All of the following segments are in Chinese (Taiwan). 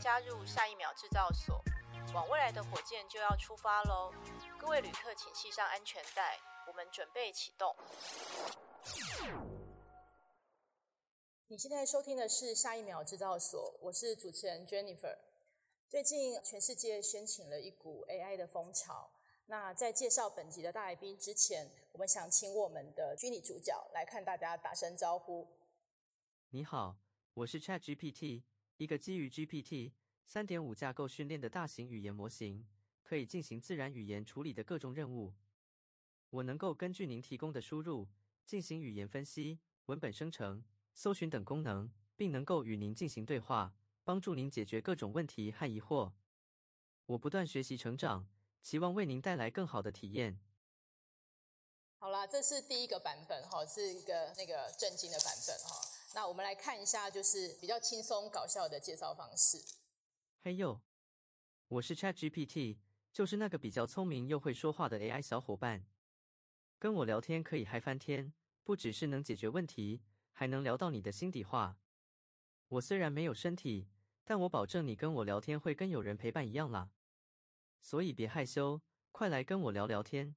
加入下一秒製造所，往未來的火箭就要出發嘍！各位旅客，請繫上安全帶，我們準備啟動。你現在收聽的是下一秒製造所，我是主持人 Jennifer。最近全世界掀起了一股 AI 的風潮，那在介紹本集的大來賓之前，我們想請我們的虛擬主角來看大家打聲招呼。你好，我是 ChatGPT。一個基於 GPT 三點五架構訓練的大型語言模型，可以進行自然語言處理的各種任務。我能夠根據您提供的輸入，進行語言分析、文本生成、搜尋等功能，並能夠與您進行對話，幫助您解決各種問題和疑惑。我不斷學習成長，期望為您帶來更好的體驗。好啦，這是第一個版本哈，是一個那個震驚的版本哈。那我們來看一下，就是比較輕鬆搞笑的介紹方式。嘿喲，我是 ChatGPT，就是那個比較聰明又會說話的 AI 小夥伴。跟我聊天可以嗨翻天，不只是能解決問題，還能聊到你的心底話。我雖然沒有身體，但我保證你跟我聊天會跟有人陪伴一樣啦。所以別害羞，快來跟我聊聊天。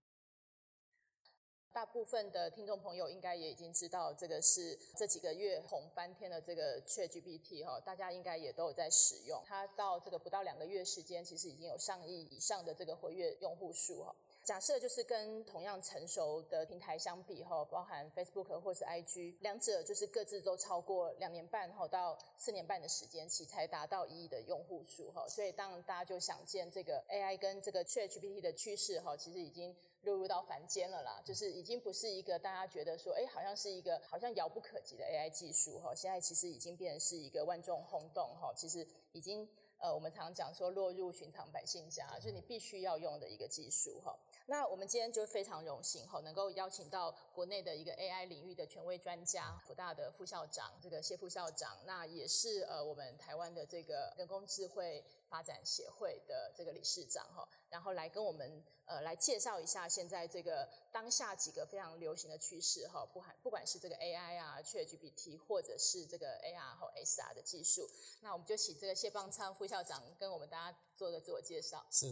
大部分的聽眾朋友應該也已經知道，這個是這幾個月紅翻天的這個 ChatGPT 哈，大家應該也都有在使用。它到這個不到兩個月時間，其實已經有上億以上的這個活躍用戶數哈。假設就是跟同樣成熟的平台相比哈，包含 Facebook 或是 IG，兩者就是各自都超過兩年半哈到四年半的時間，其才達到一億的用戶數哈。所以當然大家就想見這個 AI 跟這個 ChatGPT 的趨勢哈，其實已經。落入，入到凡間了啦，就是已經不是一個大家覺得說，哎，好像是一個好像遙不可及的 AI 技術哈，現在其實已經變成是一個萬眾轟動哈，其實已經呃，我們常講說落入尋常百姓家，就是你必須要用的一個技術哈。那我們今天就非常榮幸哈，能夠邀請到國內的一個 AI 領域的權威專家，輔大的副校長這個謝副校長，那也是呃我們台灣的這個人工智慧發展學會的這個理事長哈，然後來跟我們呃來介紹一下現在這個當下幾個非常流行的趨勢哈，不含不管是這個 AI 啊，ChatGPT 或者是這個 AR 和 SR 的技術，那我們就請這個謝邦昌副校長跟我們大家做個自我介紹。是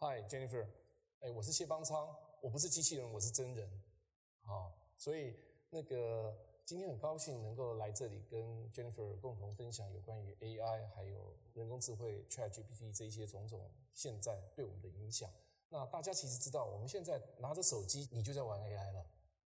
，Hi Jennifer。欸、我是謝邦昌，我不是機器人，我是真人，哦、所以那個今天很高興能夠來這裡跟 Jennifer 共同分享有關於 AI 還有人工智慧 ChatGPT 這一些種種現在對我們的影響。那大家其實知道，我們現在拿着手機，你就在玩 AI 了。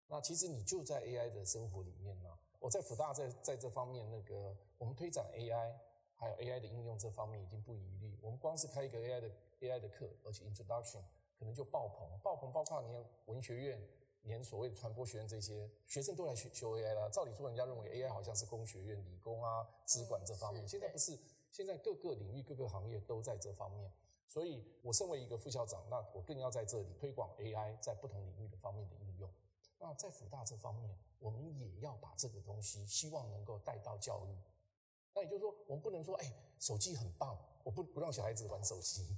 那其實你就在 AI 的生活裡面呢、啊。我在輔大在在這方面那個我們推展 AI 還有 AI 的應用這方面已經不遺餘力。我們光是開一個 AI 的 AI 的課，而且 Introduction。可能就爆棚、爆棚，包括連文學院、連所謂的傳播學院，這些學生都來學學 AI 了。照理說，人家認為 AI 好像是工學院、理工啊、資管這方面，現在不是，現在各個領域、各個行業都在這方面。所以，我身為一個副校長，那我更要在這裡推廣 AI 在不同領域的方面的應用。那在輔大這方面，我們也要把這個東西，希望能夠帶到教育。那也就是說，我們不能說，哎、欸，手機很棒，我不不讓小孩子玩手機。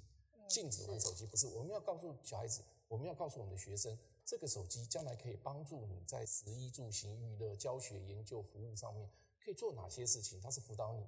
禁止玩手機，不是，我們要告訴小孩子，我們要告訴我們的學生，這個手機將來可以幫助你在食衣住行娛樂、教學研究服務上面可以做哪些事情，它是輔導你。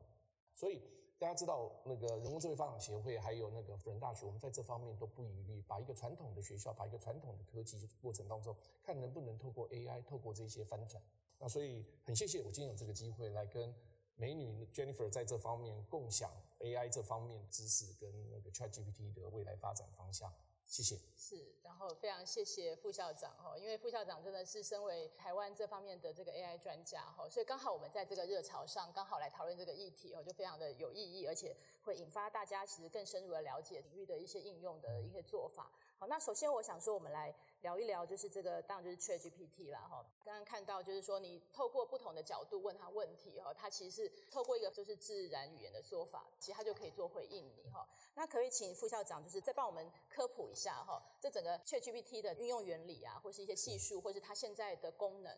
所以大家知道那個人工智慧發展協會，還有那個輔仁大學，我們在這方面都不遺餘力，把一個傳統的學校，把一個傳統的科技過程當中，看能不能透過 AI，透過這些翻轉。那所以很謝謝我今天有這個機會來跟。美女 Jennifer 在這方面共享 AI 這方面知識跟那個 ChatGPT 的未來發展方向，謝謝。是，然後非常謝謝副校長哈，因為副校長真的是身為台灣這方面的這個 AI 專家哈，所以剛好我們在這個熱潮上剛好來討論這個議題哦，就非常的有意義，而且會引發大家其實更深入的了解領域的一些應用的一些做法。好，那首先我想說，我們來。聊一聊，就是這個，當然就是 ChatGPT 啦。哈。剛剛看到，就是說你透過不同的角度問他問題哈，他其實是透過一個就是自然語言的說法，其實他就可以做回應你哈。那可，可以請副校長就是再幫我們科普一下哈，這整個 ChatGPT 的運用原理啊，或是一些技術，或是它現在的功能。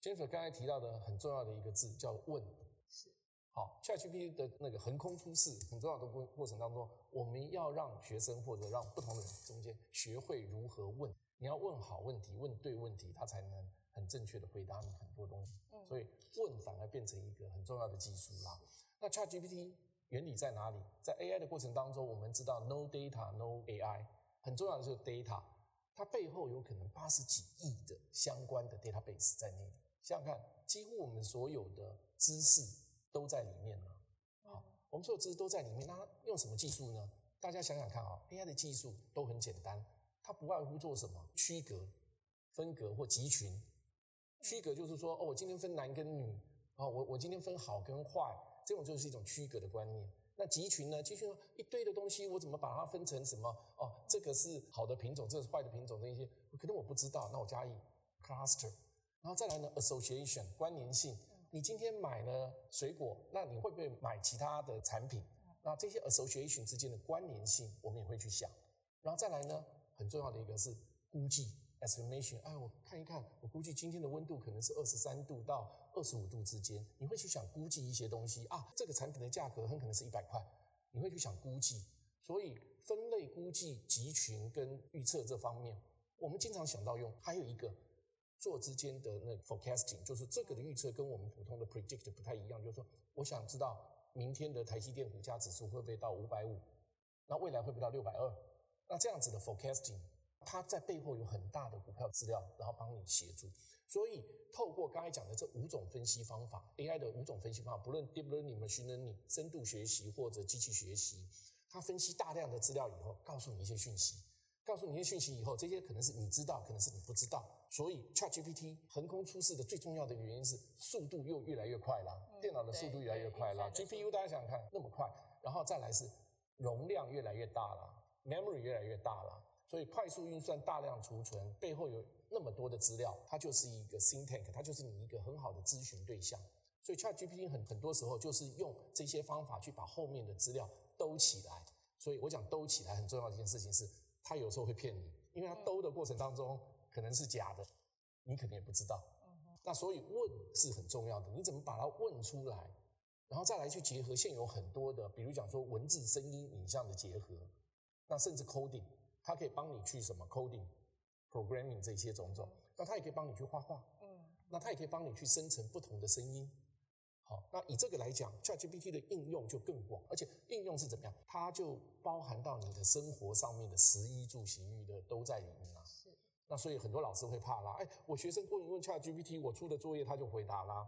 先生剛才提到的很重要的一個字叫“問”，是。好，ChatGPT 的那個橫空出世很重要的過過程當中，我們要讓學生或者讓不同的人中間學會如何問。你要問好問題，問對問題，他才能很正確的回答你很多東西。嗯，所以問反而變成一個很重要的技術啦。那 ChatGPT 原理在哪裡？在 AI 的過程當中，我們知道 No Data, No AI，很重要的就是 Data，它背後有可能八十幾億的相關的 Database 在內。想想看，幾乎我們所有的知識都在裡面了。好，我們所有知識都在裡面，那用什麼技術呢？大家想想看啊，AI 的技術都很簡單。它不外乎做什麼區隔、分隔或集群。區隔就是說，哦，我今天分男跟女啊，我、哦、我今天分好跟壞，這種就是一種區隔的觀念。那集群呢？集群一堆的東西，我怎麼把它分成什麼？哦，這個是好的品種，這個、是壞的品種的一，這些可能我不知道。那我加以 cluster，然後再來呢？association 關聯性。你今天買了水果，那你會不會買其他的產品？那這些 association 之間的關聯性，我們也會去想。然後再來呢？很重要的一個是估計 （estimation）。哎，我看一看，我估計今天的溫度可能是二十三度到二十五度之間。你會去想估計一些東西啊？這個產品的價格很可能是一百塊，你會去想估計。所以分類估計、集群跟預測這方面，我們經常想到用。還有一個做之間的那個 forecasting，就是這個的預測跟我們普通的 predict 不太一樣。就是說，我想知道明天的台積電股價指數會不會到五百五？那未來會不會到六百二？那這樣子的 forecasting，它在背後有很大的股票資料，然後幫你協助。所以透過剛才講的這五種分析方法，AI 的五種分析方法，不論 Deep Learning、深度學習或者機器學習，它分析大量的資料以後，告訴你一些訊息。告訴你一些訊息以後，這些可能是你知道，可能是你不知道。所以 ChatGPT 橫空出世的最重要的原因是速度又越來越快啦、嗯。電腦的速度越來越快啦，GPU 大家想想看，那麼快，然後再來是容量越來越大了。memory 越來越大了，所以快速運算、大量儲存背後，有那麼多的資料，它就是一個 think tank，它就是你一個很好的諮詢對象。所以 ChatGPT 很很多時候就是用這些方法去把後面的資料兜起來。所以我講兜起來很重要的一件事情是，它有時候會騙你，因為它兜的過程當中可能是假的，你可能也不知道。那所以問是很重要的，你怎麼把它問出來，然後再來去結合現有很多的，比如講說文字、聲音、影像的結合。那甚至 coding，它可以幫你去什麼 coding、programming 這些種種。那它也可以幫你去畫畫，嗯，嗯，嗯、那它也可以幫你去生成不同的聲音。好，那以這個來講，ChatGPT 的應用就更廣，而且應用是怎麼樣？它就包含到你的生活上面的食衣住行育樂的都在裡面啦、啊。是。那所以很多老師會怕啦，哎、欸，我學生過一問 ChatGPT，我出的作業他就回答啦，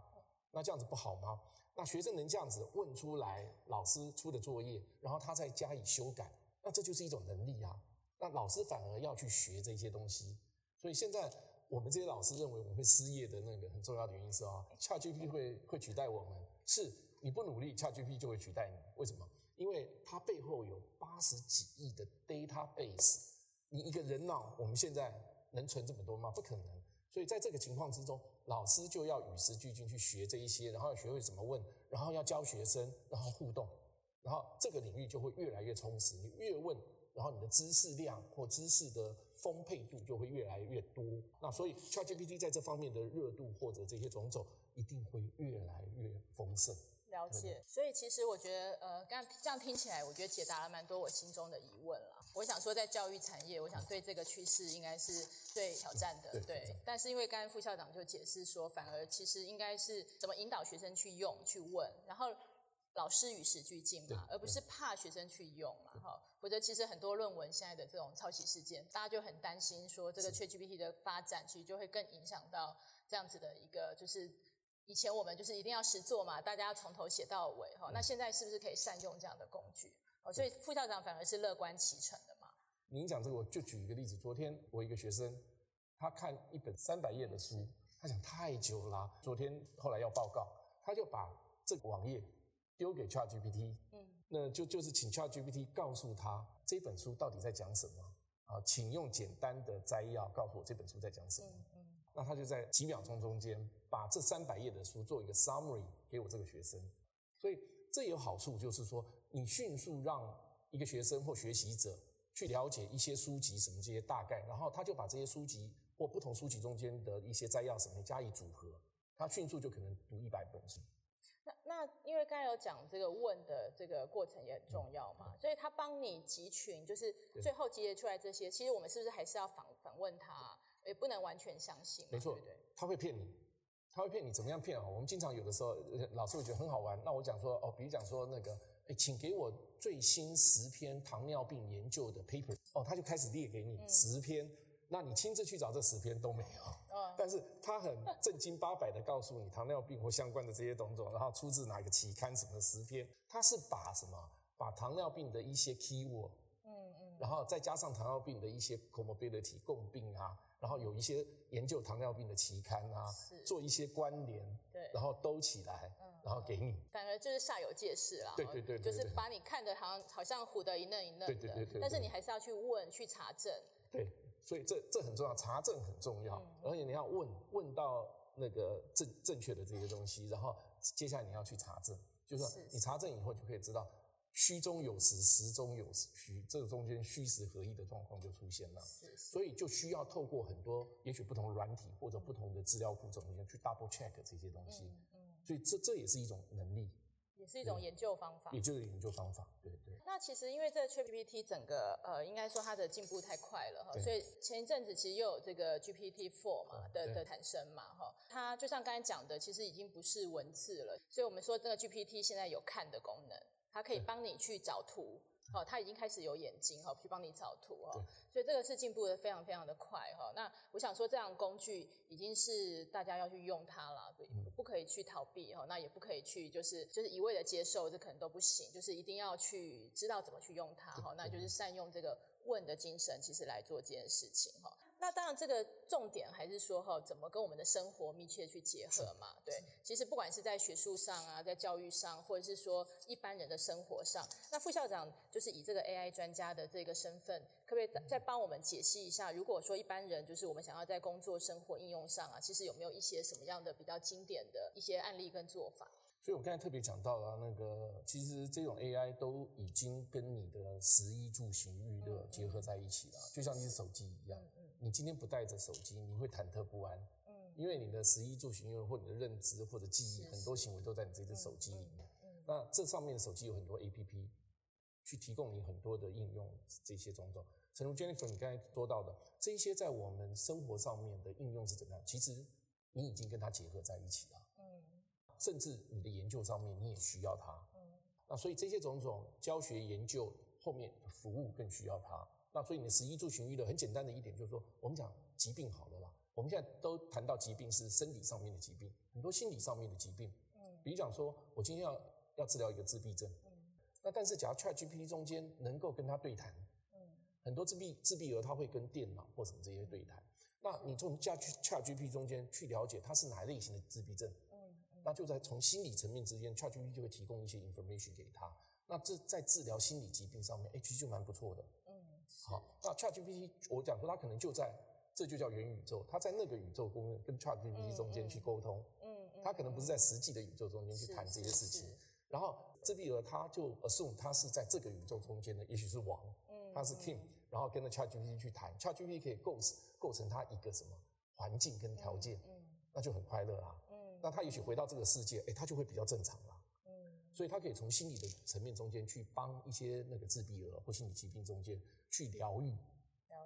那這樣子不好嗎？那學生能這樣子問出來老師出的作業，然後他再加以修改。那這就是一種能力啊！那老師反而要去學這些東西，所以現在我們這些老師認為我們會失業的那個很重要的原因是啊，ChatGPT 會會取代我們。是你不努力，ChatGPT 就會取代你。為什麼？因為它背後有八十幾億的 database，你一個人腦我們現在能存這麼多嗎？不可能。所以在這個情況之中，老師就要與時俱進去學這一些，然後要學會怎麼問，然後要教學生，然後互動。然後這個領域就會越來越充實，你越問，然後你的知識量或知識的豐沛度就會越來越多。嗯、那所以 ChatGPT、嗯、在這方面的熱度或者這些種種，一定會越來越豐盛。了解。嗯、所以其實我覺得，呃，剛剛這樣聽起來，我覺得解答了蠻多我心中的疑問了。我想說，在教育產業，我想對這個趨勢應該是最挑戰的。嗯、對，對。但是因為剛才副校長就解釋說，反而其實應該是怎麼引導學生去用、去問，然後。老師與時俱進嘛，而不是怕學生去用嘛，哈。否則其實很多論文現在的這種抄襲事件，大家就很擔心說這個 ChatGPT 的發展其實就會更影響到這樣子的一個，就是以前我們就是一定要實做嘛，大家從頭寫到尾，哈。那現在是不是可以善用這樣的工具？哦，所以副校長反而是樂觀其成的嘛。您講這個，我就舉一個例子，昨天我一個學生，他看一本三百頁的書，他講太久了，昨天後來要報告，他就把這個網頁。丟給 ChatGPT，嗯，那就就是請 ChatGPT 告訴他這本書到底在講什麼啊，請用簡單的摘要告訴我這本書在講什麼。嗯嗯，那他就在幾秒鐘中間把這三百頁的書做一個 summary 給我這個學生，所以這也有好處，就是說你迅速讓一個學生或學習者去了解一些書籍什麼這些大概，然後他就把這些書籍或不同書籍中間的一些摘要什麼加以組合，他迅速就可能讀一百本書。那因為剛才有講這個問的這個過程也很重要嘛，嗯嗯、所以他幫你集群，就是最後集結出來這些，其實我們是不是還是要反反問他，也不能完全相信。沒錯，對，他會騙你，他會騙你，怎麼樣騙啊？我們經常有的時候，老師會覺得很好玩。那我講說，哦，比如講說那個、欸，請給我最新十篇糖尿病研究的 paper，哦，他就開始列給你十篇。嗯那你親自去找這十篇都沒有，嗯、但是他很正經八百的告訴你糖尿病或相關的這些動作，然後出自哪個期刊什麼的十篇，他是把什麼把糖尿病的一些 keyword，嗯嗯，然後再加上糖尿病的一些 comorbidity 共病啊，然後有一些研究糖尿病的期刊啊，做一些關聯、嗯，對，然後兜起來、嗯，然後給你，反而就是煞有介事啦，對對對，就是把你看的好像好像唬得一愣一愣的，對對對對對對，但是你還是要去問去查證，對。所以這這很重要，查證很重要，嗯、而且你要問問到那個正正確的這些東西，然後接下來你要去查證，就是你查證以後就可以知道虛中有實，實中有虛，這個中間虛實合一的狀況就出現了。所以就需要透過很多也許不同軟體或者不同的資料庫，中、嗯、間去 double check 這些東西。嗯。嗯，所以這這也是一種能力。也是一種研究方法。嗯、也就是研究方法，對。那其實因為這個 Chat GPT 整個呃，應該說它的進步太快了哈，所以前一陣子其實又有這個 GPT 4嘛的的產生嘛哈，它就像剛才講的，其實已經不是文字了，所以我們說這個 GPT 現在有看的功能，它可以幫你去找圖，好，它已經開始有眼睛哈，去幫你找圖哈，所以這個是進步的非常非常的快哈。那我想說，這樣工具已經是大家要去用它了。不可以去逃避哈，那也不可以去，就是就是一味的接受，這可能都不行。就是一定要去知道怎麼去用它哈，那就是善用這個問的精神，其實來做這件事情哈。那當然，這個重點還是說哈，怎麼跟我們的生活密切去結合嘛？對，其實不管是在學術上啊，在教育上，或者是說一般人的生活上，那副校長就是以這個 AI 專家的這個身份，可不可以再幫我們解析一下，嗯？如果說一般人就是我們想要在工作、生活應用上啊，其實有沒有一些什麼樣的比較經典的一些案例跟做法？所以我剛才特別講到了那個，其實這種 AI 都已經跟你的食衣住行育樂結合在一起了，嗯嗯，就像你的手機一樣。嗯嗯你今天不帶着手機，你會忐忑不安。嗯，因為你的食衣住行或你的認知或者記憶，很多行為都在你這隻手機裡面。嗯，那這上面的手機有很多 APP，去提供你很多的應用，這些種種。陳如 Jennifer，你剛才說到的這些在我們生活上面的應用是怎麼樣？其實你已經跟它結合在一起了。嗯，甚至你的研究上面你也需要它。嗯，那所以這些種種教學研究後面的服務更需要它。那所以你的，你十一柱尋愈的很簡單的一點就是說，我們講疾病好了啦。我們現在都談到疾病是生理上面的疾病，很多心理上面的疾病。比如講說，我今天要要治療一個自閉症，那但是，假如 ChatGPT 中間能夠跟他對談，很多自閉自閉兒他會跟電腦或什麼這些對談，那你從去 ChatGPT 中間去了解他是哪一類型的自閉症，那就在從心理層面之間，ChatGPT 就會提供一些 information 給他。那這在治療心理疾病上面，h 其實就蠻不錯的。好，那 ChatGPT 我講說他可能就在，這就叫元宇宙，他在那個宇宙中跟 ChatGPT 中間去溝通，嗯，嗯，他可能不是在實際的宇宙中間去談這些事情，然後這裡呢他就 assume 他是在這個宇宙中間的，也許是王，嗯，他是 king、嗯、然後跟着 ChatGPT 去談、嗯、ChatGPT 可以構構成他一個什麼環境跟條件，嗯，嗯，那就很快樂啦，嗯，那他也許回到這個世界，誒、欸，他就會比較正常了。所以他可以從心理的層面中間去幫一些那個自閉兒或心理疾病中間去療癒，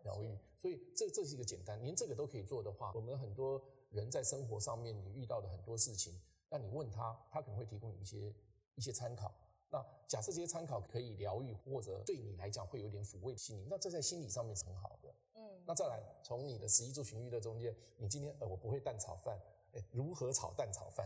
療癒。所以這這是一個簡單，連這個都可以做的話，我們很多人在生活上面你遇到的很多事情，那你問他，他可能會提供你一些一些參考。那假設這些參考可以療癒或者對你來講會有點撫慰心靈，那這在心理上面是很好的。嗯，那再來從你的食衣住行育的中間，你今天呃我不會蛋炒飯，欸，如何炒蛋炒飯？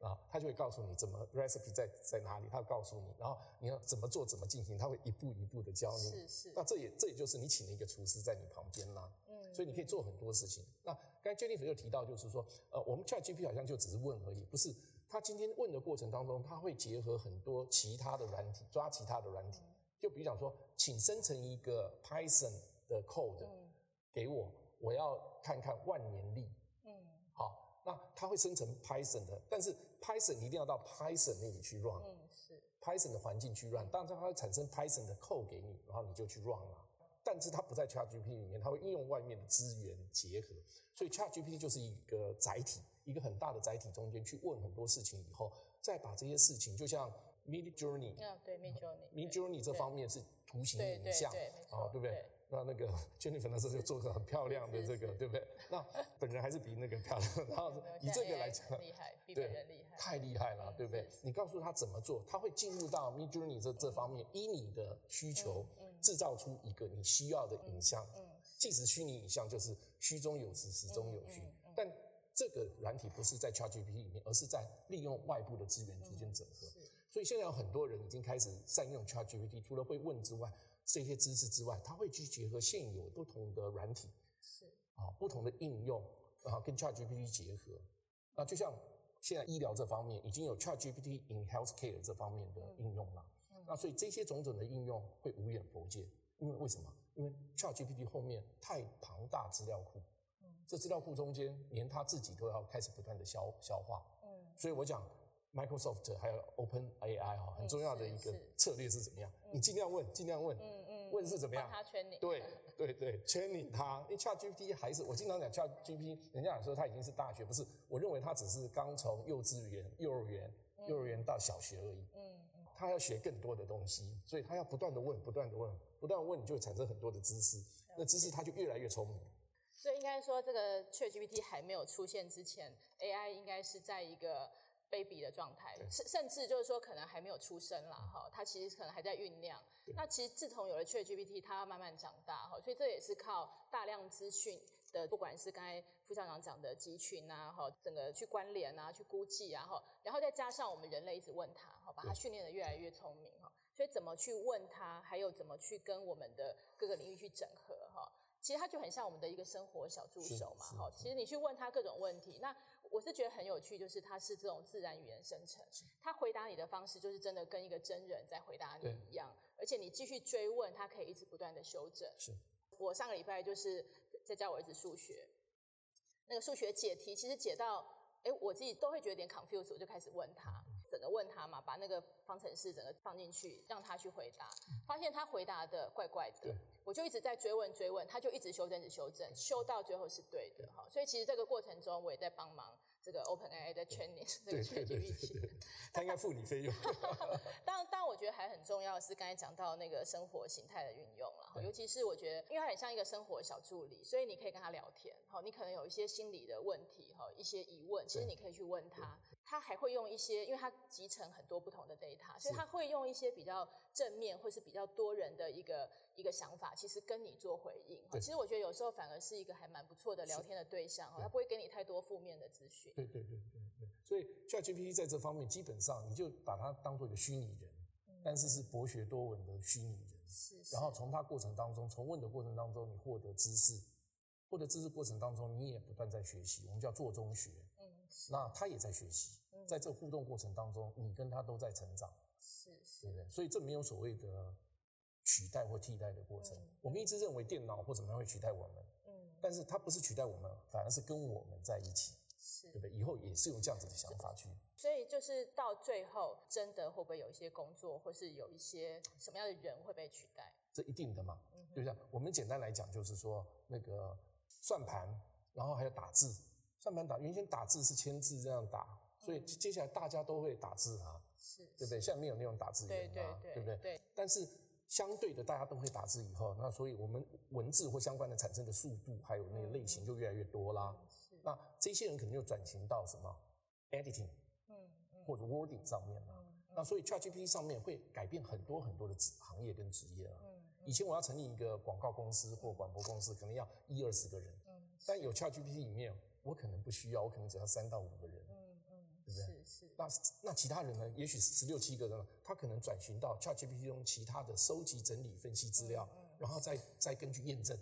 啊，他就會告訴你怎麼 recipe 在在哪裡，他會告訴你，然後你要怎麼做，怎麼進行，他會一步一步的教你。是是。那這也這也就是你請了一個廚師在你旁邊啦、啊。嗯。所以你可以做很多事情。那剛才 Jennifer 又提到，就是說，呃，我們 ChatGPT 好像就只是問而已，不是？他今天問的過程當中，他會結合很多其他的軟體，抓其他的軟體、嗯。就比如講說，請生成一個 Python 的 code、嗯、給我，我要看看萬年曆。嗯。好，那他會生成 Python 的，但是。Python 一定要到 Python 那裡去 run，Python、嗯、的環境去 run，當然它會產生 Python 的扣給你，然後你就去 run 了。但是它不在 ChatGPT 裡面，它會應用外面的資源結合，所以 ChatGPT 就是一個載體，一個很大的載體中間去問很多事情以後，再把這些事情，就像 Midjourney，、嗯、對，Midjourney，Midjourney、嗯、Midjourney 這方面是圖形影像，啊對,對,對,、哦、對不對,對？那那個 Jennifer 那時候就做得很漂亮的這個，是是是對不對？是是 那本人還是比那個漂亮的，然後以這個來講，厲害，比厲害。太厲害了，對不對？你告訴他怎麼做，他會進入到 Midjourney 這這方面，以你的需求制造出一個你需要的影像。即使虛擬影像就是虛中有實，實中有虛，但這個軟體不是在 ChatGPT 裡面，而是在利用外部的資源之間整合。所以現在有很多人已經開始善用 ChatGPT，除了會問之外，這些知識之外，他會去結合現有不同的軟體。是。啊，不同的應用啊，跟 ChatGPT 結合，那就像。現在醫療這方面已經有 ChatGPT in healthcare 這方面的應用了，嗯嗯、那所以這些種種的應用會無遠弗屆，因為為什麼？因為 ChatGPT 後面太龐大資料庫，嗯，這資料庫中間連他自己都要開始不斷的消消化，嗯，所以我講 Microsoft 還有 OpenAI 啊，很重要的一個策略是怎麼樣？嗯、你儘量問，儘量問。嗯嗯問是怎麼樣？他圈你。對對對，圈你他。因為 ChatGPT 還是，我經常講 ChatGPT，人家講說他已經是大學，不是？我認為他只是剛從幼稚園、幼兒園、幼兒園到小學而已。嗯。他要學更多的東西，所以他要不斷的問，不斷的問，不斷的問，你就會產生很多的知識。那知識他就越來越聰明。所以應該說，這個 ChatGPT 還沒有出現之前，AI 應該是在一個。baby 的狀態，甚甚至就是說，可能還沒有出生啦，哈、喔，他其實可能還在醞釀。那其實自從有了 ChatGPT，他慢慢長大，哈、喔，所以這也是靠大量資訊的，不管是剛才副校長講的集群啊，哈、喔，整個去關聯啊，去估計啊，哈、喔，然後再加上我們人類一直問他，喔、把他訓練得越來越聰明，哈，所以怎麼去問他，還有怎麼去跟我們的各個領域去整合，哈、喔，其實他就很像我們的一個生活小助手嘛，哈、喔，其實你去問他各種問題，那。我是覺得很有趣，就是它是這種自然語言生成，它回答你的方式就是真的跟一個真人在回答你一樣，而且你繼續追問，它可以一直不斷的修正。是，我上個禮拜就是在教我兒子數學，那個數學解題，其實解到，哎、欸，我自己都會覺得有點 confused，我就開始問他，整個問他嘛，把那個方程式整個放進去，讓他去回答，發現他回答的怪怪的。我就一直在追問追問，他就一直修正、一直修正，修到最後是對的哈。所以其實這個過程中，我也在幫忙這個 OpenAI 在 training 這個模型。對對對，對，對，對，他應該付你費用。 當。當當。我覺得還很重要的是，剛才講到那個生活形態的運用了，尤其是我覺得，因為他很像一個生活小助理，所以你可以跟他聊天。好，你可能有一些心理的問題，哈，一些疑問，其實你可以去問他。他還會用一些，因為他集成很多不同的 data，所以他會用一些比較正面或是比較多人的一個一個想法，其實跟你做回應。對。其實我覺得有時候反而是一個還蠻不錯的聊天的對象，哈，他不會給你太多負面的資訊。對對，對對對對對。所以 ChatGPT 在這方面，基本上你就把它當作一個虛擬人。但是是博學多聞的虛擬人，是，是，然後從他過程當中，從問的過程當中，你獲得知識，獲得知識過程當中，你也不斷在學習，我們叫做中學，嗯，是，那他也在學習，嗯、在這互動過程當中，你跟他都在成長，是，是，對不對？所以這沒有所謂的取代或替代的過程，嗯、我們一直認為電腦或怎麼樣會取代我們，嗯，但是它不是取代我們，反而是跟我們在一起。是，對不對？以後也是用這樣子的想法去。所以就是到最後，真的會不會有一些工作，或是有一些什麼樣的人會被取代？這一定的嘛。就、嗯、像對對我們簡單來講，就是說那個算盤，然後還有打字。算盤打，原先打字是簽字這樣打，嗯、所以接下來大家都會打字啊。是，是對不對？現在沒有那種打字員啦、啊，對不對？對。但是相對的，大家都會打字以後，那所以我們文字或相關的產生的速度，還有那個類型就越來越多啦。嗯嗯嗯那這些人可能又轉型到什麼 editing、嗯嗯、或者 wording 上面了、啊嗯。那所以 ChatGPT 上面會改變很多很多的行業跟職業了。以前我要成立一個廣告公司或廣播公司、嗯，可能要一二十個人。嗯、但有 ChatGPT 裡面，我可能不需要，我可能只要三到五個人，對不對？是是。那那其他人呢？也許十六七個人，他可能轉型到 ChatGPT 中其他的收集、整理、分析資料、嗯嗯，然後再再根據驗證。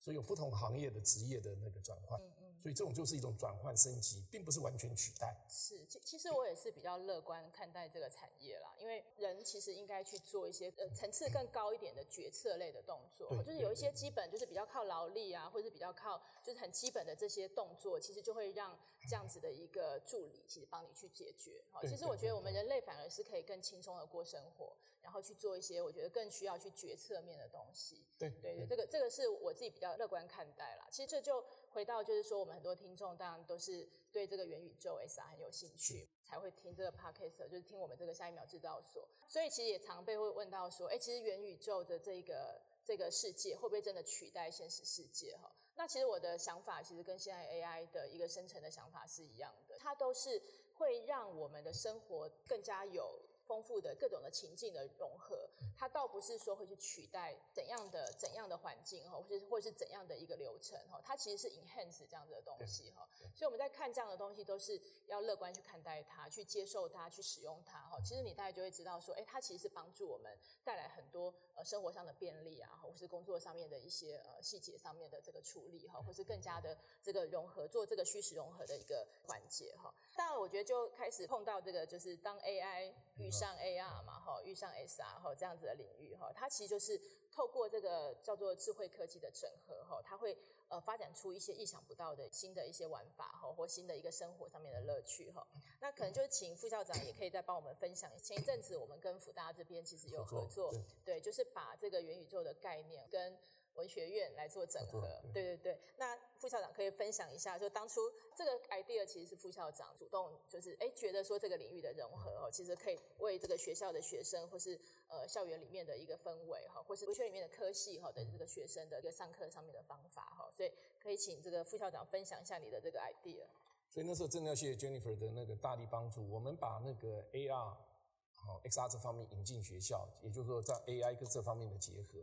所以有不同行業的職業的那個轉換。嗯嗯所以這種就是一種轉換升級，並不是完全取代。是，其其實我也是比較樂觀看待這個產業啦，因為人其實應該去做一些呃層次更高一點的決策類的動作，就是有一些基本就是比較靠勞力啊，或者是比較靠就是很基本的這些動作，其實就會讓這樣子的一個助理其實幫你去解決。好，其實我覺得我們人類反而是可以更輕鬆的過生活。要去做一些我覺得更需要去決策面的東西。對對，對對，這個這個是我自己比較樂觀看待啦。其實這就回到就是說，我們很多聽眾當然都是對這個元宇宙、AR 很有興趣，才會聽這個 Podcast，就是聽我們這個下一秒製造所。所以其實也常被會問到說，哎、欸，其實元宇宙的這個這個世界會不會真的取代現實世界？哈，那其實我的想法其實跟現在 AI 的一個深層的想法是一樣的，它都是會讓我們的生活更加有豐富的各種的情境的融合，它倒不是說會去取代怎樣的怎樣的環境哈，或是或是怎樣的一個流程哈，它其實是 enhance 這樣的東西哈。所以我們在看這樣的東西都是要樂觀去看待它，去接受它，去使用它哈。其實你大概就會知道說，哎、欸，它其實是幫助我們帶來很多呃生活上的便利啊，或是工作上面的一些呃細節上面的這個處理哈，或是更加的這個融合做這個虛實融合的一個環節哈。但我覺得就開始碰到這個就是當 AI 與上 AR 嘛，遇上 SR 哈，這樣子的領域哈，它其實就是透過這個叫做智慧科技的整合哈，它會呃發展出一些意想不到的新的一些玩法哈，或新的一個生活上面的樂趣哈。那可能就是請副校長也可以再幫我們分享，前一陣子我們跟輔大這邊其實有合作，合作，對，對，就是把這個元宇宙的概念跟文學院來做整合，啊對對，對對對。那副校長可以分享一下，就當初這個 idea 其實是副校長主動，就是哎覺得說這個領域的融合哦，其實可以為這個學校的學生，或是呃校園裡面的一個氛圍哈，或是文學裡面的科系哈者這個學生的一個上課上面的方法哈，所以可以請這個副校長分享一下你的這個 idea。所以那時候真的要謝謝 Jennifer 的那個大力幫助，我們把那個 AR 哈 XR 這方面引進學校，也就是說在 AI 跟這方面的結合，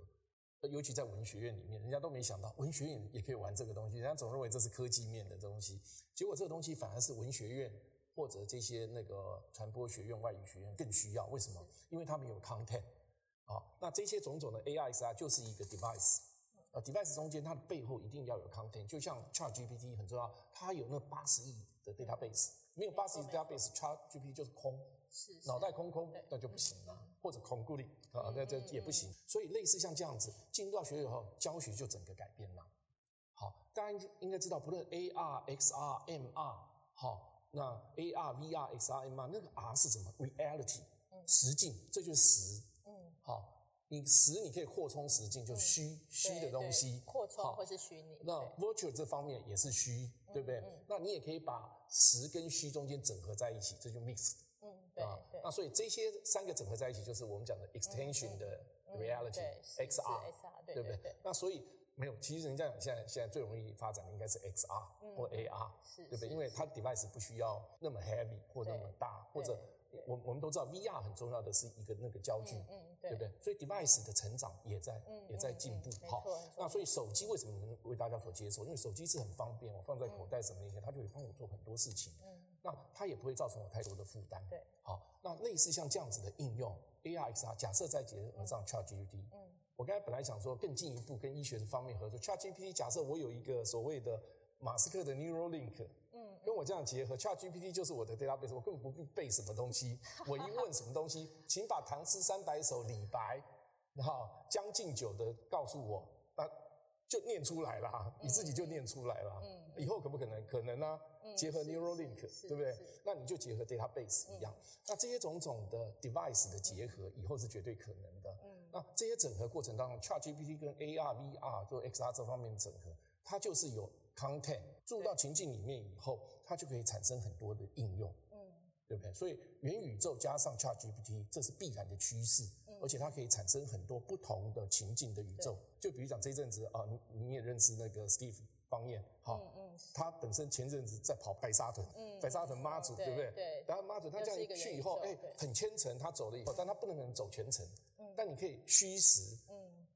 尤其在文學院裡面，人家都沒想到文學院也可以玩這個東西，人家總認為這是科技面的東西，結果這個東西反而是文學院或者這些那個傳播學院、外語學院更需要。為什麼？因為他們有 content。好，那這些種種的 AI r 啊，就是一個 device。呃，device 中間它的背後一定要有 content，就像 ChatGPT 很重要，它有那八十億的 database，沒有八十億 database，ChatGPT 就是空，腦袋空空，那就不行了。或者鞏固力啊，那、嗯、這也不行、嗯。所以類似像這樣子，進入到學校以後、嗯，教學就整個改變了。好，大家應該知道，不論 AR、XR、MR，好，那 AR、VR、XR、MR，那個 R 是什麼？Reality，實境、嗯，這就是實。嗯，好，你實你可以擴充實境，就虛虛、嗯、的東西，擴充或是虛擬。那 Virtual 這方面也是虛，對不對、嗯嗯？那你也可以把實跟虛中間整合在一起，這就 Mixed 嗯，啊。嗯那所以這些三個整合在一起，就是我們講的 extension 的 reality、嗯嗯嗯、對 XR，SR, 對,對不對,對,對,對？那所以沒有，其實人家講現在現在最容易發展的應該是 XR、嗯、或者 AR，對不對？因為它的 device 不需要那麼 heavy 或那麼大，或者我我們都知道 VR 很重要的是一個那個焦距，嗯嗯、對,對不對？所以 device 的成長也在、嗯、也在進步，嗯嗯嗯嗯、好。那所以手機為什麼能為大家所接受？因為手機是很方便，我放在口袋什麼那些，它、嗯、就會幫我做很多事情。嗯那它也不會造成我太多的負擔。對，好，那類似像這樣子的應用，A R X R，假設在結合上 Chat G P T。嗯，我剛才本來想說更進一步跟醫學方面合作，Chat G P T。假設我有一個所謂的馬斯克的 Neuralink，嗯，跟我這樣結合，Chat G P T 就是我的 database，我根本不必背什麼東西，我一問什麼東西， 請把《唐詩三百首》李白，然後《將進酒》的告訴我，那就念出來了，嗯，你自己就念出來了。嗯。嗯以後可不可能？可能呢、啊嗯，結合 Neuralink，對不對？那你就結合 Database 一樣、嗯。那這些種種的 Device 的結合，以後是絕對可能的。嗯。那這些整合過程當中、嗯、，ChatGPT 跟 AR、VR、做 XR 這方面整合，它就是有 Content 注入到情境裡面以後，它就可以產生很多的應用。嗯，對不對？所以元宇宙加上 ChatGPT，這是必然的趨勢，而且它可以產生很多不同的情境的宇宙。嗯、就比如講這陣子啊，你你也認識那個 Steve 方面，嗯、好。嗯他本身前陣子在跑白沙屯，嗯、白沙屯媽祖對，對不對？然後媽祖他這樣去以後，哎，很虔誠。他走了以後，但他不能走全程，嗯、但你可以虛實，嗯、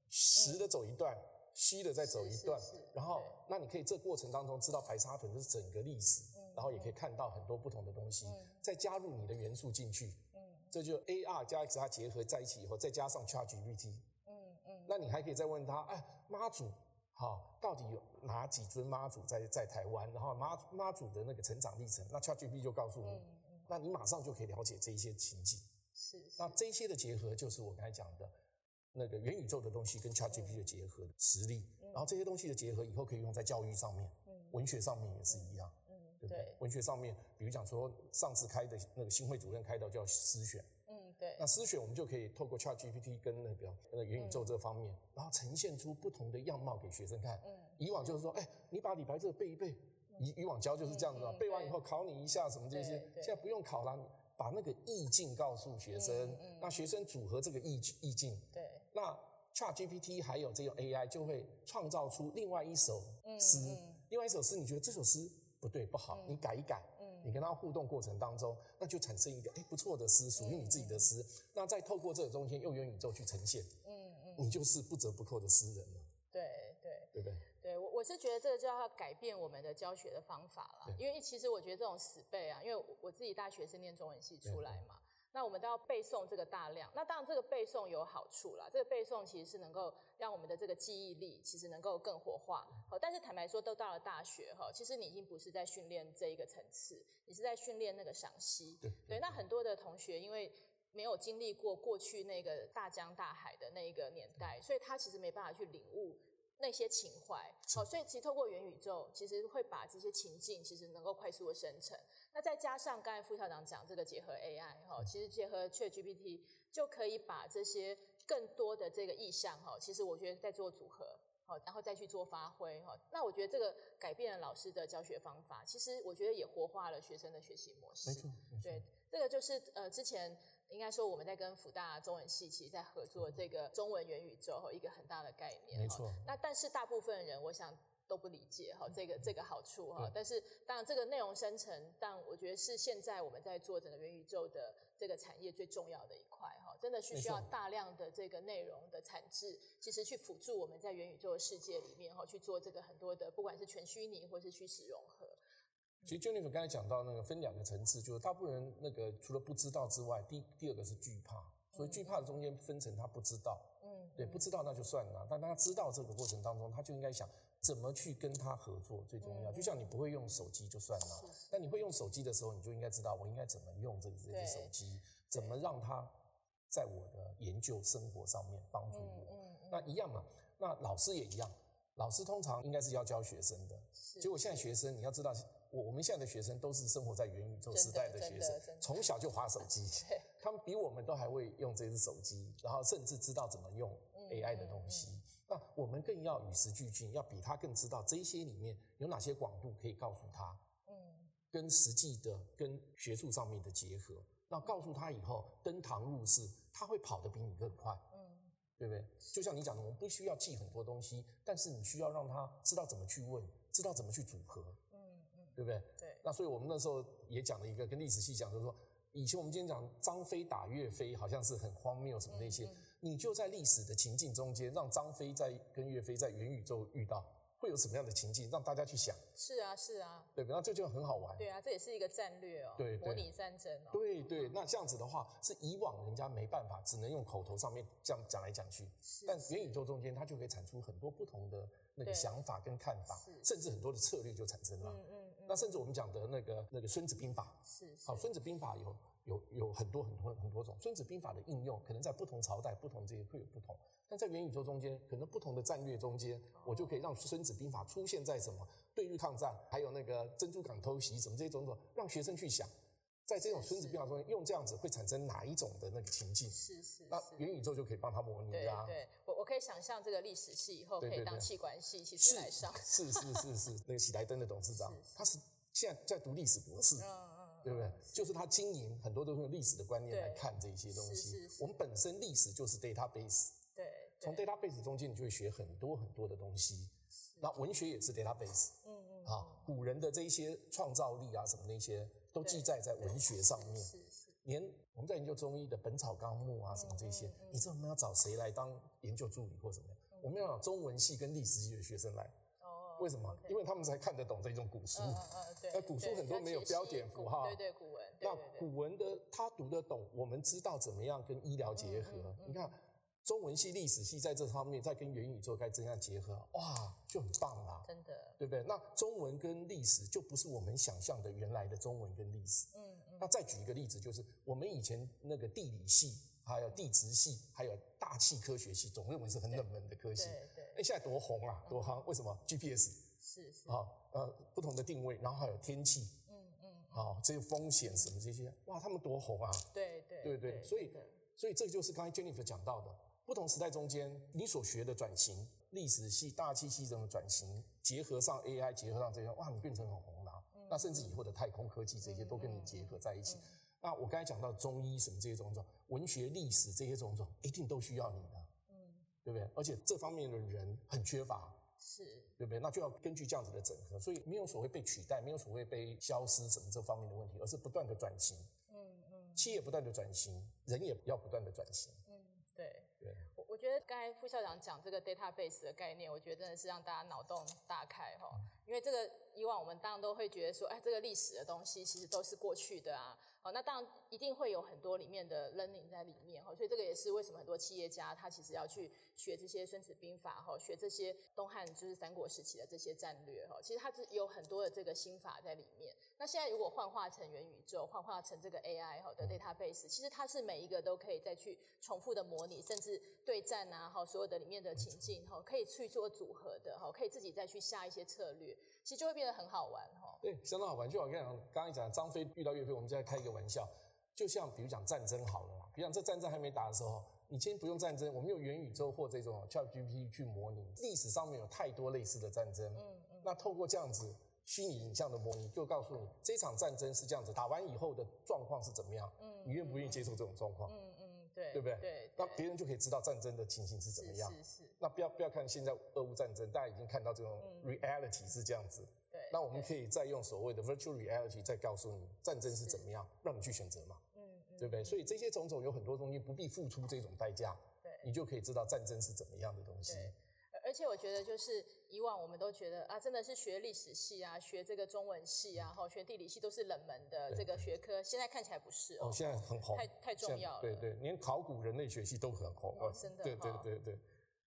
實的走一段、嗯，虛的再走一段，然後那你可以這過程當中知道白沙屯是整個歷史、嗯，然後也可以看到很多不同的東西，嗯、再加入你的元素進去，嗯、這就 AR 加 X。他結合在一起以後，再加上 ChatGPT，嗯嗯，那你還可以再問他，哎，媽祖。好，到底有哪幾尊媽祖在在台灣？然後媽媽祖的那個成長歷程，那 ChatGPT 就告訴你、嗯嗯，那你馬上就可以了解這一些情景。是，那這些的結合就是我剛才講的那個元宇宙的東西跟 ChatGPT 的結合的實力、嗯。然後這些東西的結合以後可以用在教育上面，嗯、文學上面也是一樣，嗯、對不對，對？文學上面，比如講說上次開的那個新會主任開的叫詩選。那詩選我們就可以透過 ChatGPT 跟那個那個元宇宙這方面、嗯,然後呈現出不同的樣貌給學生看。嗯。以往就是說，哎、欸，你把李白這個背一背，以、嗯、以往教就是這樣子嘛、嗯嗯、背完以後考你一下什麼這些，現在不用考了，把那個意境告訴學生、嗯嗯，那學生組合這個意意境。對。那 ChatGPT 還有這個 AI 就會創造出另外一首詩、嗯嗯嗯，另外一首詩你覺得這首詩不對不好、嗯，你改一改。你跟他互動過程當中，那就產生一個哎、欸、不錯的詩，屬於你自己的詩、嗯。那再透過這個中間用元宇宙去呈現，嗯嗯，你就是不折不扣的詩人了。對對對對，對，我我是覺得這個就要改變我們的教學的方法了，因為其實我覺得這種死背啊，因為我自己大學是念中文系出來嘛。對對對那我們都要背誦這個大量，那當然這個背誦有好處啦，這個背誦其實是能夠讓我們的這個記憶力其實能夠更活化。好，但是坦白說，都到了大學哈，其實你已經不是在訓練這一個層次，你是在訓練那個賞析。對，對，對，那很多的同學因為沒有經歷過過去那個大江大海的那個年代，所以他其實沒辦法去領悟。那些情懷，哦，所以其實透過元宇宙，其實會把這些情境，其實能夠快速的生成。那再加上剛才副校長講這個結合 AI，哈，其實結合 ChatGPT 就可以把這些更多的這個意象，哈，其實我覺得再做組合，然後再去做發揮，哈。那我覺得這個改變了老師的教學方法，其實我覺得也活化了學生的學習模式。沒錯，對，這個就是呃之前。應該說我們在跟輔大中文系其實在合作這個中文元宇宙，一個很大的概念、嗯，沒錯。那但是大部分人我想都不理解哈，這個、嗯、這個好處哈，但是當然這個內容生成，但我覺得是現在我們在做整個元宇宙的這個產業最重要的一塊哈，真的是需要大量的這個內容的產製，其實去輔助我們在元宇宙的世界裡面哈，去做這個很多的不管是全虛擬或是虛實融合。其實 Jennifer 剛才講到那個分兩個層次，就是大部分人那個除了不知道之外，第第二個是懼怕，所以懼怕的中間分成他不知道、嗯，對，不知道那就算了。但他知道這個過程當中，他就應該想怎麼去跟他合作最重要、嗯。就像你不會用手機就算了，那你會用手機的時候，你就應該知道我應該怎麼用這個這些手機，怎麼讓他在我的研究生活上面幫助我、嗯嗯。那一樣嘛，那老師也一樣，老師通常應該是要教學生的，是是結果現在學生你要知道。我我們現在的學生都是生活在元宇宙時代的學生，從小就滑手機， 他們比我們都還會用這只手機，然後甚至知道怎麼用 AI 的東西、嗯嗯嗯。那我們更要與時俱進，要比他更知道這些裡面有哪些廣度可以告訴他。嗯、跟實際的、跟學術上面的結合，那告訴他以後登堂入室，他會跑得比你更快。嗯、對不對？就像你講的，我們不需要記很多東西，但是你需要讓他知道怎麼去問，知道怎麼去組合。對不對？對。那所以我們那時候也講了一個，跟歷史系講，就是說，以前我們今天講張飛打岳飛，好像是很荒謬什麼那些，嗯嗯，你就在歷史的情境中間，讓張飛在跟岳飛在元宇宙遇到，會有什麼樣的情境，讓大家去想對不對？是啊，是啊。對，那這就，就很好玩。對啊，這也是一個戰略哦，對。對模擬戰爭哦。對對，那這樣子的話，是以往人家沒辦法，只能用口頭上面這樣講來講去，是但是元宇宙中間，它就可以產出很多不同的那個想法跟看法，甚至很多的策略就產生了。嗯。嗯那甚至我們講的那個那個《孫子兵法》是，是啊，是好，《孫子兵法》有有有很多很多很多種，《孫子兵法》的應用可能在不同朝代，不同這些會有不同。但在元宇宙中間，可能不同的戰略中間，哦、我就可以讓《孫子兵法》出現在什麼？對日抗戰，還有那個珍珠港偷襲，什麼這種種，讓學生去想，在這種《孫子兵法》中間用這樣子會產生哪一種的那個情境？是是是。那元宇宙就可以幫他模擬啊。對對。我可以想象這個歷史系以後可以當企管系，其實來上對對對是是是是是,是那個喜來登的董事長， 是他是現在在讀歷史博士，嗯、啊、嗯，對不對？是就是他經營很多都是用歷史的觀念來看這一些東西。我們本身歷史就是 database，對，從 database 中間你就會學很多很多的東西。那文學也是 database，是嗯嗯,嗯、啊，古人的這一些創造力啊什麼那些都記載在文學上面，連我們在研究中醫的《本草綱目》啊，什麼這些，你知道我們要找誰來當研究助理或什麼？我們要找中文系跟歷史系的學生來。哦。為什麼？因為他們才看得懂這種古書。那古書很多沒有標點符號。對對，古文。那古文的他讀得懂，我們知道怎麼樣跟醫療結合。你看。中文系、歷史系在這方面在跟元宇宙該怎樣結合？哇，就很棒啊！真的，對不對？那中文跟歷史就不是我們想象的原來的中文跟歷史。嗯，嗯，那再舉一個例子，就是我們以前那個地理系，還有地質系、嗯，還有大氣科學系，總認為是很冷門的科系。對哎，現在多紅啊，嗯、多夯！為什麼？GPS 是。是是。啊、哦、呃，不同的定位，然後還有天氣。嗯嗯。好、哦，這些風險什麼這些，嗯、哇，他們多紅啊！對對。對對、對、對、對。所以，對對所以所以這就是剛才 Jennifer 講到的。不同時代中間，你所學的轉型，歷史系、大氣系這種轉型，結合上 AI，結合上這些，哇，你變成很紅了，啊嗯，那甚至以後的太空科技這些都跟你結合在一起。嗯嗯、那我剛才講到中醫什麼這些種種，文學、歷史這些種種，一定都需要你的、嗯，對不對？而且這方面的人很缺乏，是，對不對？那就要根據這樣子的整合，所以沒有所謂被取代，沒有所謂被消失什麼這方面的問題，而是不斷的轉型。嗯嗯，企業不斷的轉型，人也要不斷的轉型。覺得剛才副校長講這個 database 的概念，我覺得真的是讓大家腦洞大開哈，因為這個以往我們當然都會覺得說，哎，這個歷史的東西其實都是過去的啊。那當然一定會有很多裡面的 learning 在裡面哈，所以這個也是為什麼很多企業家他其實要去學這些孫子兵法哈，學這些東漢就是三國時期的這些戰略哈，其實他是有很多的這個心法在裡面。那現在如果幻化成元宇宙，幻化成這個 AI 哈的 database，其實它是每一個都可以再去重複的模擬，甚至對戰啊哈，所有的裡面的情境哈，可以去做組合的哈，可以自己再去下一些策略，其實就會變得很好玩哎、欸，相當好玩，就好像剛才講張飛遇到岳飛，我們就在開一個玩笑。就像比如講戰爭好了嘛，比如講這戰爭還沒打的時候，你先不用戰爭，我們用元宇宙或這種 ChatGPT 去模擬歷史上面有太多類似的戰爭。嗯，嗯，那透過這樣子虛擬影像的模擬，就告訴你這場戰爭是這樣子，打完以後的狀況是怎麼樣。嗯。你願不願意接受這種狀況？嗯嗯，對。對不對，對？那別人就可以知道戰爭的情形是怎麼樣。那不要不要看現在俄烏戰爭，大家已經看到這種 reality、嗯、是這樣子。那我們可以再用所謂的 virtual reality 再告訴你戰爭是怎麼樣，讓你去選擇嘛，對不對？所以這些種種有很多東西不必付出這種代價，你就可以知道戰爭是怎麼樣的東西。而且我覺得就是以往我們都覺得啊，真的是學歷史系啊，學這個中文系啊，然後學地理系都是冷門的這個學科，現在看起來不是哦，哦現在很紅，太太重要了。對，對對，連考古人類學系都很紅哦，真的，對對對對，對。哦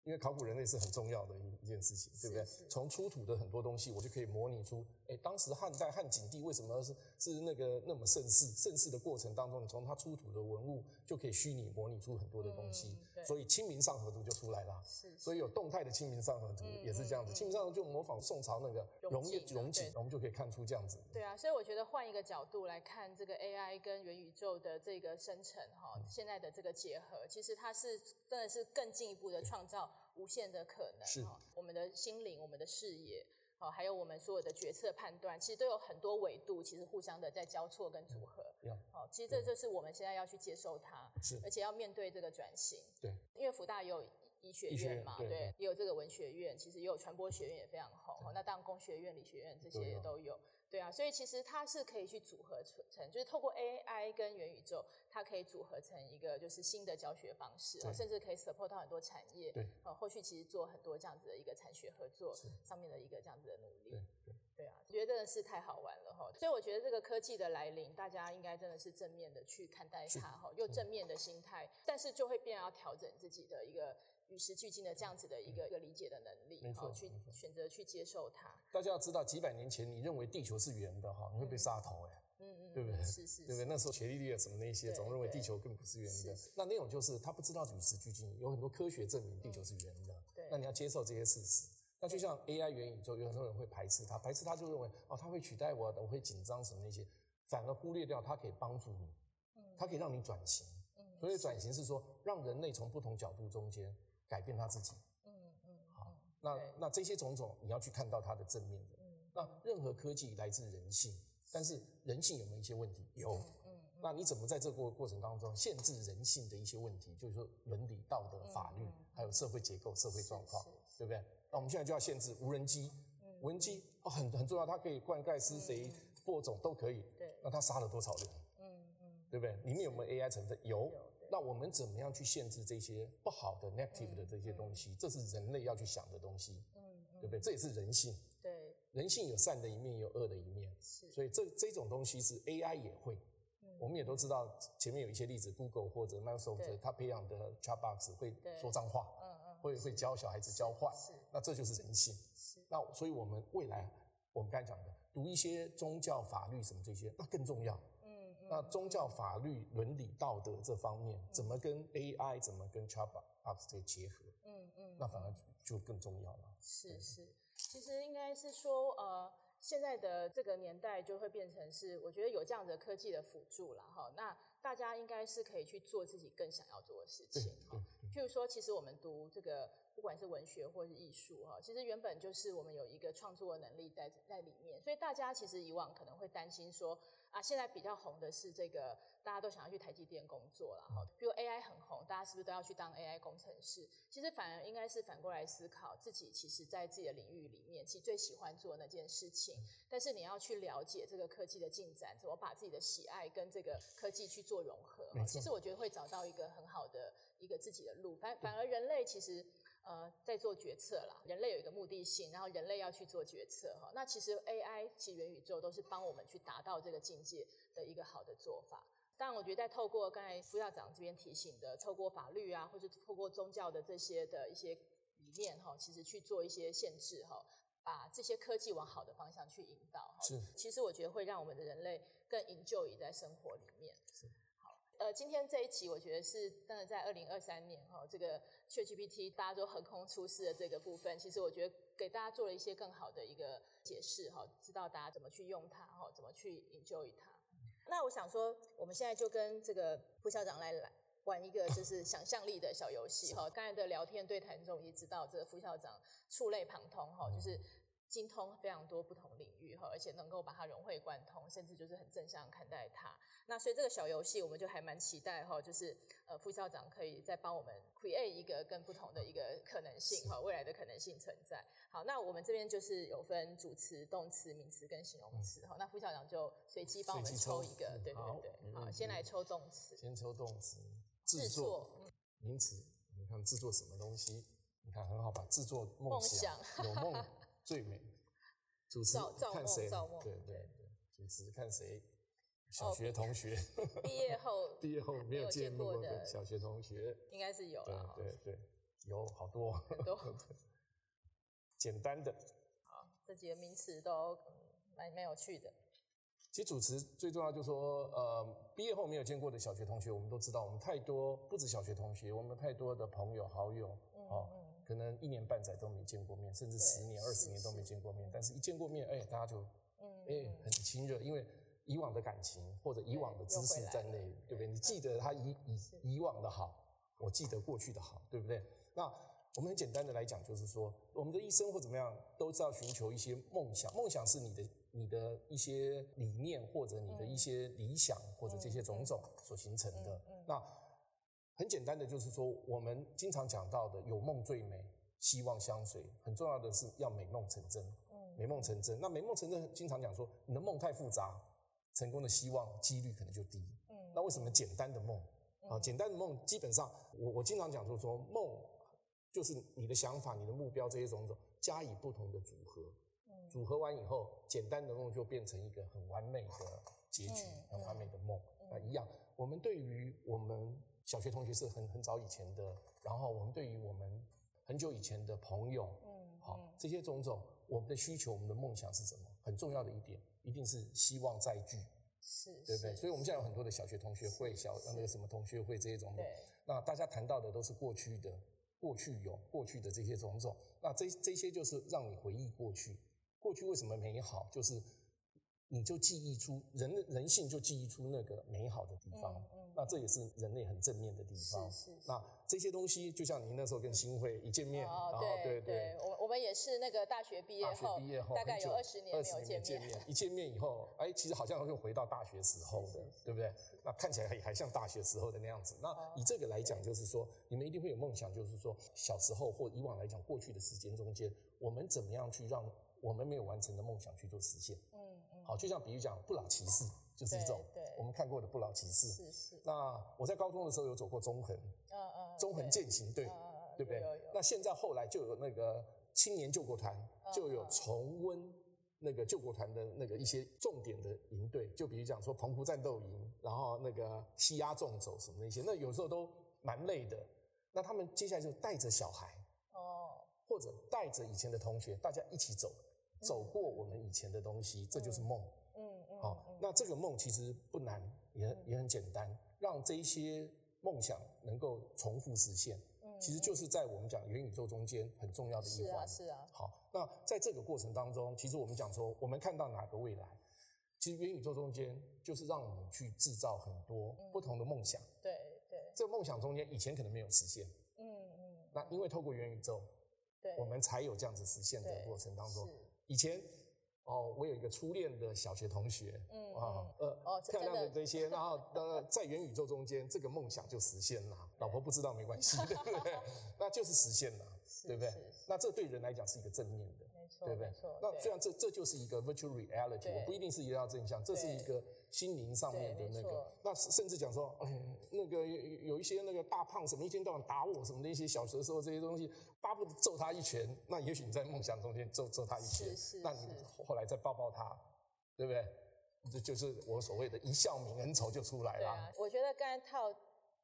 因為考古人類是很重要的一件事情，對不對？從出土的很多東西，我就可以模擬出。欸、當時漢代漢景帝為什麼是是那個那麼盛世？盛世的過程當中，你從他出土的文物就可以虛擬模擬出很多的東西，嗯、所以《清明上河圖》就出來了是。是，所以有動態的《清明上河圖》也是這樣子。嗯嗯嗯、清明上河就模仿宋朝那個榮景榮景，我們就可以看出這樣子。對啊，所以我覺得換一個角度來看這個 AI 跟元宇宙的這個生成哈，現在的這個結合，其實它是真的是更進一步的創造無限的可能、哦。是，我們的心靈，我們的視野。還有我們所有的決策判斷，其實都有很多維度，其實互相的在交錯跟組合。有、嗯嗯，其實這就是我們現在要去接受它，是，而且要面對這個轉型。對，因為福大有醫學院嘛，醫學院，對，對，對，也有這個文學院，其實也有傳播學院也非常好。那當然，工學院、理學院這些也都有。對啊，所以其實它是可以去組合成，就是透過 A I 跟元宇宙，它可以組合成一個就是新的教學方式，甚至可以 support 到很多產業。對，呃、嗯，後續其實做很多這樣子的一個產學合作上面的一個這樣子的努力。對對，對啊，我覺得真的是太好玩了哈。所以我覺得這個科技的來臨，大家應該真的是正面的去看待它哈，又正面的心態，但是就會變要調整自己的一個，與時俱進的這樣子的一個一個理解的能力，好去選擇去接受它。哦，大家要知道，幾百年前你認為地球是圓的哈，嗯，你會被殺頭哎、欸，嗯嗯，對不對？是是，對不對？那時候學地理啊什麼那些，總認為地球根本不是圓的。那那種就是他不知道與時俱進，有很多科學證明地球是圓的、嗯。那你要接受這些事實。那就像 AI 元宇宙，有很多人會排斥它，排斥它就認為哦，他會取代我，我會緊張什麼那些，反而忽略掉它可以幫助你，嗯，它可以讓你轉型。嗯，所以轉型是說、嗯、是讓人類從不同角度中間改變他自己，嗯嗯，好、嗯，那那這些種種你要去看到它的正面的、嗯，那任何科技來自人性，但是人性有沒有一些問題？有，嗯，嗯，那你怎麼在這個過過程當中限制人性的一些問題？就是說倫理、嗯、道德、嗯、法律、嗯，還有社會結構、嗯、社會狀況，對不對？那我們現在就要限制無人機、嗯、無人機、嗯、哦，很很重要、嗯，它可以灌溉、施、嗯、肥、播種、嗯、都可以，對，那它殺了多少人？嗯嗯，對不對？裡面有沒有 AI 成分？有。那我們怎麼樣去限制這些不好的 negative 的這些東西、嗯？這是人類要去想的東西嗯，嗯，對不對？這也是人性。對，人性有善的一面，也有惡的一面。是，所以這這種東西是 AI 也會、嗯，我們也都知道前面有一些例子，Google 或者 Microsoft 它培養的 ChatBox 會說髒話，嗯嗯，會會教小孩子教壞。是，那這就是人性。是，那所以我們未來我們剛才講的讀一些宗教、法律什麼這些，那更重要。那宗教、法律、倫理、道德這方面，怎麼跟 AI，、嗯嗯、怎麼跟 ChatGPT 結合？嗯嗯，那反而就更重要了。是是，其實應該是說，呃，現在的這個年代就會變成是，我覺得有這樣的科技的輔助了哈，那大家應該是可以去做自己更想要做的事情哈。譬如說，其實我們讀這個，不管是文學或是藝術哈，其實原本就是我們有一個創作的能力在在裡面，所以大家其實以往可能會擔心說，啊，現在比較紅的是這個，大家都想要去台積電工作了哈。比如 AI 很紅，大家是不是都要去當 AI 工程師？其實反而應該是反過來思考，自己其實在自己的領域裡面，其實最喜歡做那件事情。但是你要去了解這個科技的進展，怎麼把自己的喜愛跟這個科技去做融合。其實我覺得會找到一個很好的一個自己的路。反反而人類其實。呃，在做決策啦，人類有一個目的性，然後人類要去做決策哈。那其實 AI 及元宇宙都是幫我們去達到這個境界的一個好的做法。當然，我覺得在透過剛才副校長這邊提醒的，透過法律啊，或是透過宗教的這些的一些理念哈，其實去做一些限制哈，把這些科技往好的方向去引導。是。其實我覺得會讓我們的人類更 enjoy 在生活裡面。是。呃，今天這一期我覺得是真的在二零二三年哈，哦，這個 ChatGPT 大家都橫空出世的這個部分，其實我覺得給大家做了一些更好的一個解釋哈，哦，知道大家怎麼去用它哈，哦，怎麼去研究它，嗯。那我想說，我們現在就跟這個副校長來玩一個就是想象力的小遊戲哈，剛才，哦，的聊天對談中也知道，這個副校長觸類旁通哈，哦，就是。精通非常多不同領域哈，而且能夠把它融會貫通，甚至就是很正向看待它。那所以這個小遊戲我們就還蠻期待哈，就是呃副校長可以再幫我們 create 一個更不同的一個可能性，未來的可能性存在。好，那我們這邊就是有分主詞、動詞、名詞跟形容詞哈。那副校長就隨機幫我們抽一個抽，對對對，好，對對對好先來抽動詞。先抽動詞。制作,作、嗯、名詞，你看制作什麼東西？你看很好吧制作夢想,想，有夢。 最美主持看誰？對對對，主持看誰？小學同學，畢業後畢業後沒有見過的小學同學，應該是有，對對對，有好多都簡單的好。這幾個名詞都蠻有趣的。其實主持最重要就是說，呃，畢業後沒有見過的小學同學，我們都知道，我們太多不止小學同學，我們太多的朋友好友，好、嗯。哦可能一年半載都沒見過面，甚至十年二十年都沒見過面，但是一見過面，哎、欸，大家就，哎、欸，很親熱，因為以往的感情或者以往的知識在內，對不對？你記得他以以以往的好，我記得過去的好，對不對？那我們很簡單的來講，就是說，我們的一生或怎麼樣，都是要尋求一些夢想，夢想是你的你的一些理念或者你的一些理想或者這些種種所形成的。嗯嗯嗯嗯那很簡單的，就是說我們經常講到的“有夢最美，希望相隨”。很重要的是要美夢成真。嗯、美夢成真。那美夢成真，經常講說你的夢太複雜，成功的希望幾率可能就低、嗯。那為什麼簡單的夢啊、嗯？簡單的夢基本上我，我我經常講就是說夢，就是你的想法、你的目標這些種種加以不同的組合。嗯、組合完以後，簡單的夢就變成一個很完美的結局，嗯、很完美的夢。嗯、那一樣，我們對於我們。小學同學是很很早以前的，然後我們對於我們很久以前的朋友，嗯，好，這些種種，我們的需求，我們的夢想是什麼？很重要的一點，一定是希望再聚，是，對不對？所以我們現在有很多的小學同學會，小那個什麼同學會這些種種。那大家談到的都是過去的，過去有過去的這些種種，那這這些就是讓你回憶過去，過去為什麼美好？就是你就記憶出人人性，就記憶出那個美好的地方。嗯那這也是人類很正面的地方。是是，是。那這些東西就像您那時候跟新會一見面，是是是，然後對對對，對我我們也是那個大學畢業，大學畢業後大概有二十年沒有見面，二十年年見面，一見面以後，哎，其實好像又回到大學時候的，是是是是，對不對？是是是，那看起來也還像大學時候的那樣子。是是是，那以這個來講，就是說你們一定會有夢想，就是說小時候或以往來講，過去的時間中間，我們怎麼樣去讓我們沒有完成的夢想去做實現？嗯嗯。好，就像比如講不老騎士。就是這種，我們看過的不老騎士。是是。那我在高中的時候有走過中橫，嗯嗯。中橫健行隊，對對不、啊、對、啊對，對有有？那現在後來就有那個青年救國團、啊，就有重溫那個救國團的那個一些重點的營隊、啊，就比如講說澎湖戰鬥營，然後那個溪阿縱走什麼那些，那有時候都蠻累的。那他們接下來就帶着小孩，哦，或者帶着以前的同學，大家一起走，嗯、走過我們以前的東西，嗯、這就是夢。嗯好，那這個夢其實不難，也、嗯、也很簡單，讓這些夢想能夠重複實現，嗯，其實就是在我們講元宇宙中間很重要的一環。是啊，是啊。好，那在這個過程當中，其實我們講說，我們看到哪個未來，其實元宇宙中間就是讓我們去制造很多不同的夢想。嗯、對對。這個夢想中間以前可能沒有實現，嗯嗯。那因為透過元宇宙，我們才有這樣子實現的過程當中，以前。哦，我有一個初戀的小學同學，嗯啊、嗯，呃、哦，漂亮的這些，然後 呃，在元宇宙中間，這個夢想就實現了。老婆不知道沒關係， 對不對，對？那就是實現了。對不對？是是是，那這對人來講是一個正面的，對不對？那雖然這這就是一個 virtual reality，我不一定是一定要真相，這是一個心靈上面的那個。那甚至講說，哎、嗯，那個有一些那個大胖什麼一天到晚打我什麼的一些小學的時候這些東西，巴不得揍他一拳。那也許你在夢想中間揍揍他一拳，是是是是，那你後來再抱抱他，對不對？這就是我所謂的一笑泯恩仇就出來了。啊、我覺得剛才套。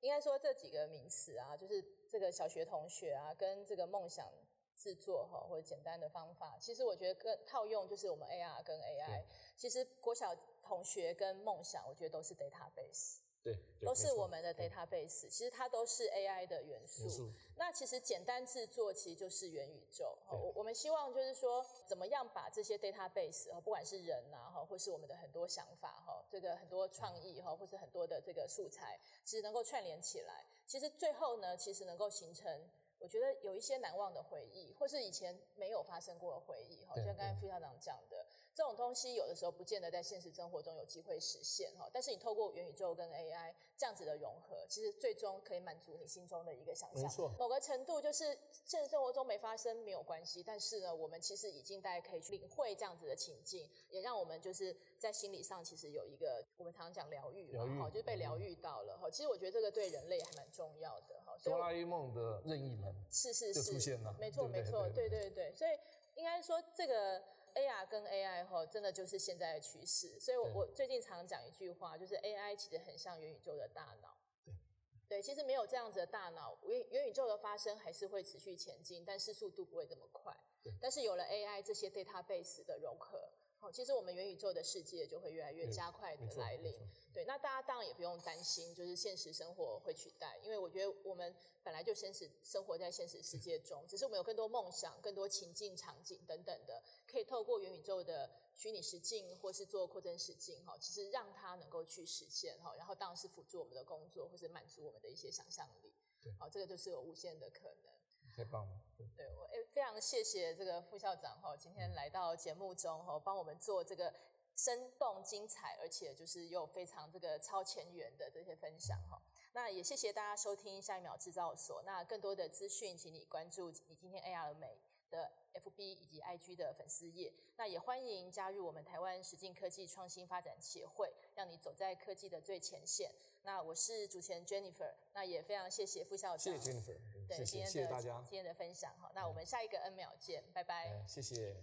應該說這幾個名詞啊，就是這個小學同學啊，跟這個夢想製作哈，或者簡單的方法，其實我覺得跟套用就是我們 AR 跟 AI，其實國小同學跟夢想，我覺得都是 database。對，都是我們的 database，其實它都是 AI 的元素。那其實簡單製作，其實就是元宇宙。我我們希望就是說，怎麼樣把這些 database，不管是人吶，哈，或是我們的很多想法，哈，這個很多創意，哈，或是很多的這個素材，其實能夠串聯起來。其實最後呢，其實能夠形成，我覺得有一些難忘的回憶，或是以前沒有發生過的回憶，哈，就像剛才副校長講的。這種東西有的時候不見得在現實生活中有機會實現哈，但是你透過元宇宙跟 AI 這樣子的融合，其實最終可以滿足你心中的一個想象。沒錯，某個程度就是現實生活中沒發生，沒有關係，但是呢，我們其實已經大家可以去領會這樣子的情境，也讓我們就是在心理上其實有一個我們常常講療癒，哈，就是被療癒到了哈。其實我覺得這個對人類還蠻重要的哈。哆啦 A 夢的任意門是是是就出現了，沒錯沒錯，對，對對對，所以應該說這個。AR 跟 AI 真的就是現在的趨勢，所以，我我最近常講一句話，就是 AI 其實很像元宇宙的大腦，對，其實沒有這樣子的大腦，元元宇宙的發生還是會持續前進，但是速度不會這麼快，但是有了 AI 這些 database 的融合。其實我們元宇宙的世界就會越來越加快的來臨。對，那大家當然也不用擔心，就是現實生活會取代，因為我覺得我們本來就現實生活在現實世界中，只是我們有更多夢想、更多情境、場景等等的，可以透過元宇宙的虛擬實境或是做擴增實境，哈，其實讓它能夠去實現，哈，然後當然是輔助我們的工作或是滿足我們的一些想象力。對，好，這個就是有無限的可能。太棒了。對，對我。非常謝謝這個副校長哈，今天來到節目中哈，幫我們做這個生動、精彩，而且就是又非常這個超前緣的這些分享。那也謝謝大家收聽下一秒製造所。那更多的資訊，請你關注你今天 AR 了沒的 F B 以及 I G 的粉絲頁。那也歡迎加入我們台灣實境科技創新發展協會，讓你走在科技的最前線。那我是主持人 Jennifer，那也非常謝謝副校長。謝謝 Jennifer。對，謝謝今天的，謝謝大家今天的分享。好，那我們下一個 N 秒見，嗯、拜拜。謝謝。